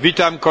Witam koleżanki.